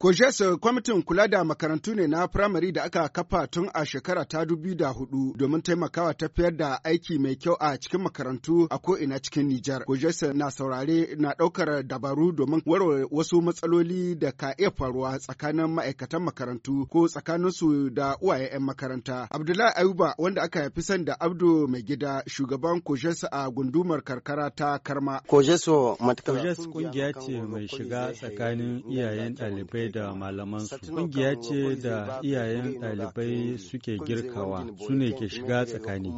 Kojesa kwamitin kula da makarantu ne na firamare da aka kafa tun a shekara ta dubi da hudu domin taimakawa tafiyar da aiki mai kyau a cikin makarantu a ko'ina cikin Nijar. Kojes na saurare na ɗaukar dabaru domin warware wasu matsaloli da ka iya faruwa tsakanin ma'aikatan makarantu ko tsakaninsu da uwaye makaranta. Abdullahi Ayuba wanda aka haifi san da Abdu mai gida shugaban Kojesa a gundumar karkara ta Karma. Kojesa kungiya ce mai shiga tsakanin iyayen ɗalibai da malamansu kungiya ce da iyayen ɗalibai suke girkawa su ne ke shiga tsakani.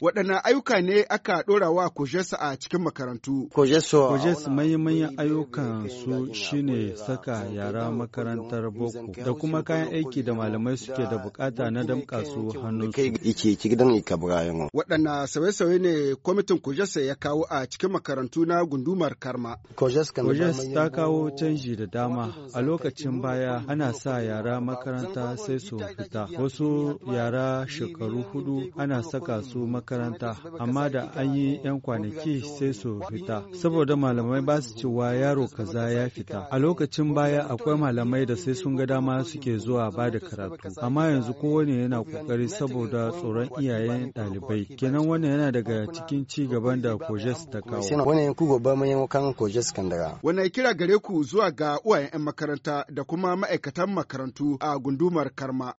wadana ayuka ne aka ɗora wa kujesu a cikin makarantu? kujesu manyan ayyukan su shine saka yara makarantar boko da kuma kayan aiki da malamai suke da bukata na damka su hannunsu. wadana sauye-sauye ne kwamitin kujesu ya kawo a cikin makarantu na gundumar Karma? kujesu ta kawo kawo canji da dama a lokacin baya ana sa yara makaranta sai su fita wasu yara shekaru hudu ana saka su makaranta amma da an yi 'yan kwanaki sai su fita saboda malamai ba su cewa yaro kaza ya fita a lokacin baya akwai malamai da sai sun ga dama suke zuwa ba da karatu amma yanzu kowane yana kokari saboda tsoron iyayen ɗalibai kenan wannan yana daga cikin ci gaban da kojes ta kawo wannan kira gare uku zuwa ga uwayen 'yan makaranta da kuma ma'aikatan makarantu a gundumar Karma.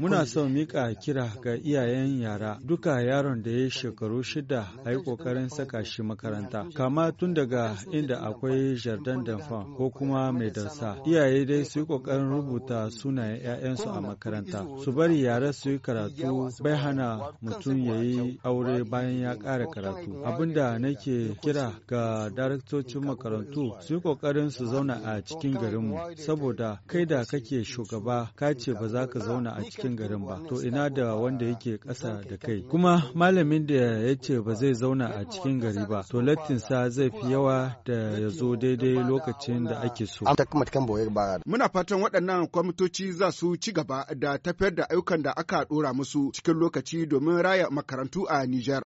Muna son mika kira ga iyayen yara duka yaron da ya shekaru shida a yi ƙoƙarin saka shi makaranta. Kama tun daga inda akwai jardin damfan ko kuma mai dansa. Iyaye dai su yi ƙoƙarin rubuta sunayen 'ya'yansu a makaranta. Su bari yara su yi karatu bai hana mutum ya yi aure bayan ya ƙara karatu. Abinda nake kira ga daraktocin makarantu su yi ƙoƙarin su zauna a cikin garinmu, saboda kai da kake shugaba ka ce ba za ka zauna a cikin garin ba, to ina da wanda yake ƙasa da kai. Kuma malamin da ya ce ba zai zauna a cikin gari ba, to lattinsa zai fi yawa da ya zo daidai lokacin da ake so. Muna fatan waɗannan kwamitoci za su ci gaba da tafiyar da ayyukan da aka ɗora musu cikin lokaci domin raya makarantu a Nijar.